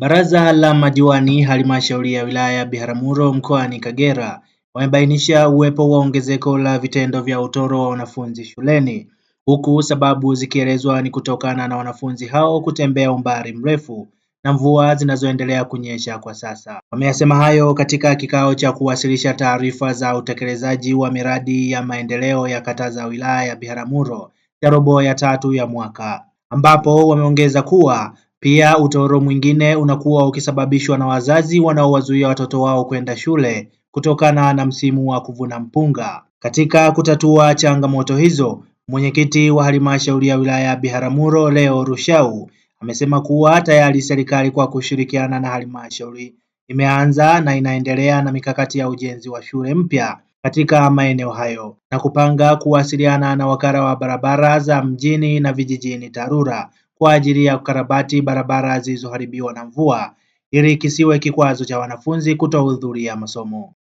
Baraza la madiwani halmashauri ya wilaya ya Biharamulo mkoani Kagera wamebainisha uwepo wa ongezeko la vitendo vya utoro wa wanafunzi shuleni, huku sababu zikielezwa ni kutokana na wanafunzi hao kutembea umbali mrefu na mvua zinazoendelea kunyesha kwa sasa. Wameyasema hayo katika kikao cha kuwasilisha taarifa za utekelezaji wa miradi ya maendeleo ya kata za wilaya ya Biharamulo ya robo ya tatu ya mwaka, ambapo wameongeza kuwa pia utoro mwingine unakuwa ukisababishwa na wazazi wanaowazuia watoto wao kwenda shule kutokana na msimu wa kuvuna mpunga. Katika kutatua changamoto hizo, mwenyekiti wa halmashauri ya wilaya ya Biharamulo Leo Rushau amesema kuwa tayari serikali kwa kushirikiana na halmashauri imeanza na inaendelea na mikakati ya ujenzi wa shule mpya katika maeneo hayo na kupanga kuwasiliana na wakala wa barabara za mjini na vijijini TARURA kwa ajili ya kukarabati barabara zilizoharibiwa na mvua ili kisiwe kikwazo cha wanafunzi kutohudhuria masomo.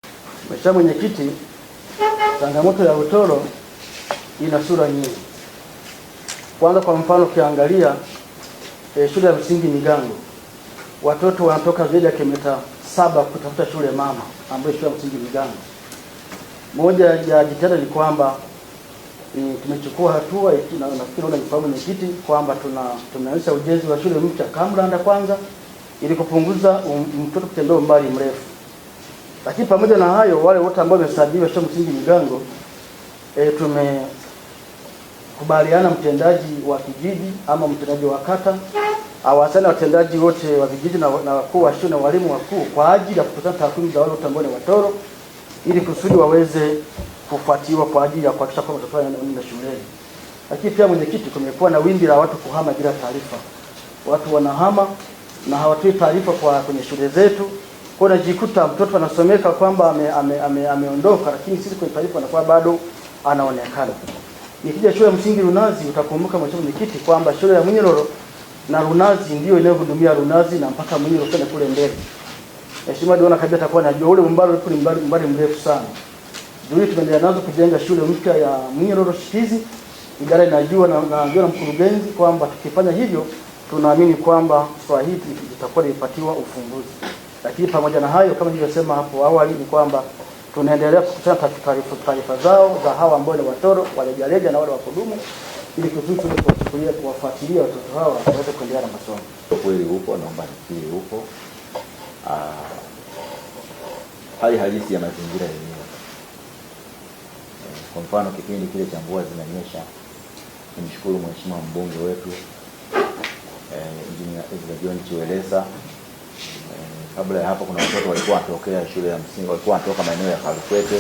Mheshimiwa Mwenyekiti, changamoto ya utoro ina sura nyingi. Kwanza, kwa mfano ukiangalia eh, shule ya msingi Migango watoto wanatoka zaidi ya kilomita saba kutafuta shule mama ambayo shule ya msingi Migango. Moja ya jitihada ni kwamba E, tumechukua hatua e, na nafikiri unaifahamu mwenyekiti, kwamba tuna tumeanzisha ujenzi wa shule mpya Kamlanda kwanza ili kupunguza um, mtoto um, kutembea umbali mrefu. Lakini pamoja na hayo, wale wote ambao wamesajiliwa shule msingi Migango e, tumekubaliana mtendaji wa kijiji ama mtendaji wa kata awasani watendaji wote wa vijiji na, na wakuu wa shule na walimu wakuu kwa ajili ya kukutana takwimu za wale wote ambao ni watoro ili kusudi waweze kufuatiliwa kwa ajili ya kuhakikisha kwamba watoto wao wanaenda shuleni. Lakini pia mwenyekiti, kumekuwa na wimbi la watu kuhama bila taarifa. Watu wanahama na hawatoi taarifa kwa kwenye shule zetu. Kwa unajikuta mtoto anasomeka kwamba ameondoka ame, ame, ame, lakini sisi kwenye taarifa anakuwa bado anaonekana. Nikija shule ya msingi Runazi, utakumbuka mheshimiwa mwenyekiti kwamba shule ya Mwinyelolo na Runazi ndio inayohudumia Runazi na mpaka Mwinyelolo kwenda kule mbele. Mheshimiwa Dona kabisa atakuwa anajua ule umbali ulipo ni umbali mrefu sana hii tunaendelea nazo kujenga shule mpya ya Mwiroro Shikizi. Idara inajua na naambiwa na mkurugenzi kwamba tukifanya hivyo, tunaamini kwamba swala hili litakuwa limepatiwa ufumbuzi. Lakini pamoja na hayo, kama nilivyosema hapo awali, ni kwamba tunaendelea kukusanya taarifa zao za hawa ambao ni watoro walejaleja na wale wa kudumu ili kusudi tuweze kuwafuatilia watoto hawa waweze kuendelea na masomo. Ukweli upo, naomba nikiri upo. Ah, hali halisi ya mazingira yenyewe kwa mfano kipindi kile cha mvua zinanyesha, nimshukuru mheshimiwa mbunge wetu eh, Injinia Ezra John Chiwelesa. Eh, kabla ya hapo, kuna watoto walikuwa wanatokea shule ya msingi, walikuwa wanatoka maeneo ya Karukwete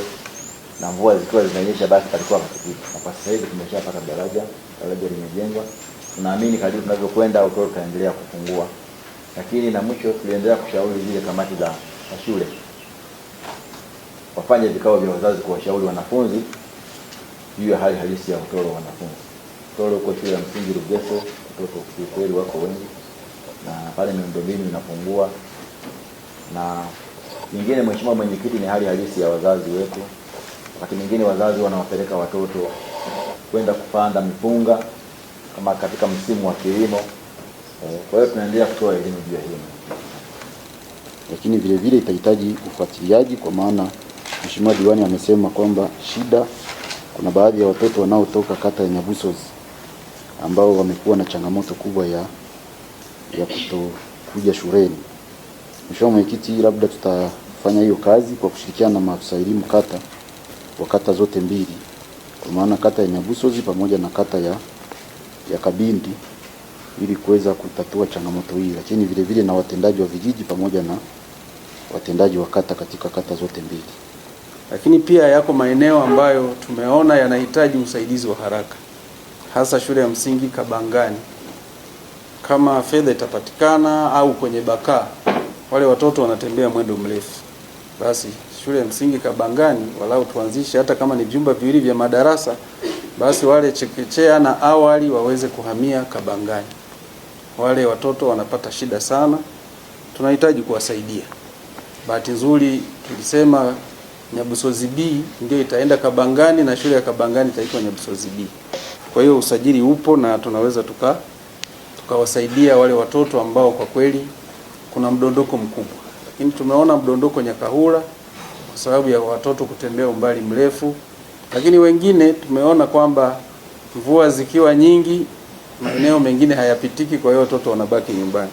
na mvua zikiwa zinanyesha, basi palikuwa pakipita, na kwa sasa hivi tumeshapata daraja, daraja limejengwa. Tunaamini kadri tunavyokwenda utoto utaendelea kupungua, lakini na mwisho tuliendelea kushauri zile kamati za shule wafanye vikao vya wazazi kuwashauri wanafunzi juu ya hali halisi ya utoro wanafunzi. Utoro uko shule ya msingi Rugeso, watoto kiukweli wako wengi na pale miundombinu inapungua. Na nyingine, Mheshimiwa Mwenyekiti, ni hali halisi ya wazazi wetu. Wakati mwingine wazazi wanawapeleka watoto kwenda kupanda mipunga kama katika msimu wa kilimo eh. Kwa hiyo tunaendelea kutoa elimu juu ya hilo, lakini vile vile itahitaji ufuatiliaji, kwa maana Mheshimiwa diwani amesema kwamba shida kuna baadhi ya watoto wanaotoka kata ya Nyabusos ambao wamekuwa na changamoto kubwa ya, ya kutokuja shuleni. Mheshimiwa Mwenyekiti, labda tutafanya hiyo kazi kwa kushirikiana na maafisa elimu kata wa kata zote mbili, kwa maana kata ya Nyabusozi pamoja na kata ya, ya Kabindi ili kuweza kutatua changamoto hii, lakini vile vile na watendaji wa vijiji pamoja na watendaji wa kata katika kata zote mbili lakini pia yako maeneo ambayo tumeona yanahitaji usaidizi wa haraka, hasa shule ya msingi Kabangani. Kama fedha itapatikana au kwenye bakaa, wale watoto wanatembea mwendo mrefu, basi shule ya msingi Kabangani walau tuanzishe hata kama ni vyumba viwili vya madarasa, basi wale chekechea na awali waweze kuhamia Kabangani. Wale watoto wanapata shida sana, tunahitaji kuwasaidia. Bahati nzuri tulisema Nyabusozi B ndio itaenda Kabangani na shule ya Kabangani itaitwa Nyabusozi B. Kwa hiyo usajili upo na tunaweza tuka tukawasaidia wale watoto ambao kwa kweli kuna mdondoko mkubwa, lakini tumeona mdondoko Nyakahura kwa sababu ya watoto kutembea umbali mrefu, lakini wengine tumeona kwamba mvua zikiwa nyingi maeneo mengine hayapitiki, kwa hiyo watoto wanabaki nyumbani.